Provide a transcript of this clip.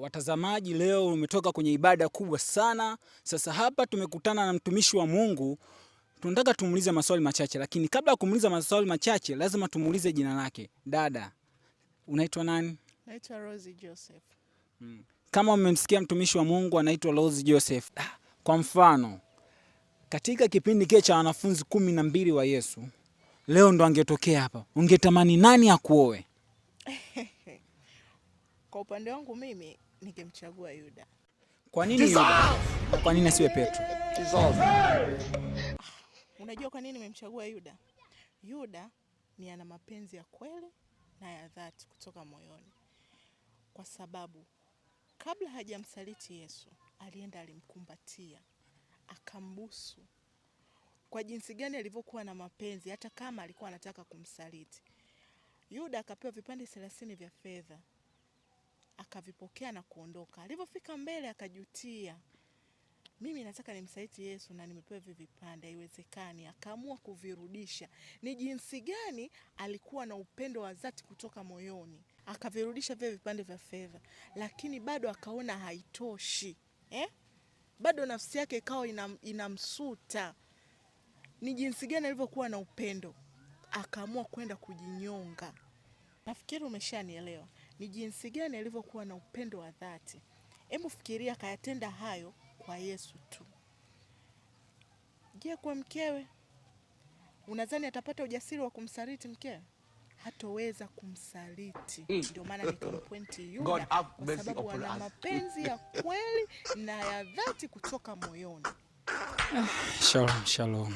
watazamaji, leo umetoka kwenye ibada kubwa sana. Sasa hapa tumekutana na mtumishi wa Mungu, tunataka tumuulize maswali machache, lakini kabla ya kumuuliza maswali machache, lazima tumuulize jina lake. Dada, unaitwa nani? Naitwa Rose Joseph. Hmm. Kama umemsikia mtumishi wa Mungu anaitwa Rose Joseph. Kwa mfano katika kipindi kile cha wanafunzi kumi na mbili wa Yesu, leo ndo angetokea hapa, ungetamani nani akuoe? Kwa upande wangu mimi ningemchagua Yuda. Kwa nini Yuda? Kwa nini asiwe Petro? Ah, unajua kwa nini nimemchagua Yuda? Yuda ni ana mapenzi ya kweli na ya dhati kutoka moyoni, kwa sababu kabla hajamsaliti Yesu alienda, alimkumbatia, akambusu. Kwa jinsi gani alivyokuwa na mapenzi, hata kama alikuwa anataka kumsaliti. Yuda akapewa vipande thelathini vya fedha akavipokea na kuondoka. Alivyofika mbele akajutia, mimi nataka nimsaiti Yesu na nimepewa hivi vipande, haiwezekani. Akaamua kuvirudisha. Ni jinsi gani alikuwa na upendo wa dhati kutoka moyoni, akavirudisha vile vipande vya fedha, lakini bado akaona haitoshi eh? Bado nafsi yake ikawa inamsuta ina Ni jinsi gani alivyokuwa na upendo, akaamua kwenda kujinyonga. Nafikiri umeshanielewa ni jinsi gani alivyokuwa na upendo wa dhati. Hebu fikiria, kayatenda hayo kwa Yesu tu. Je, kwa mkewe, unadhani atapata ujasiri wa kumsaliti mkewe? Hatoweza kumsaliti. Mm. Ndio maana nikampointi Yuda, kwa sababu ana mapenzi ya kweli na ya dhati kutoka moyoni. Ah, shalom, shalom.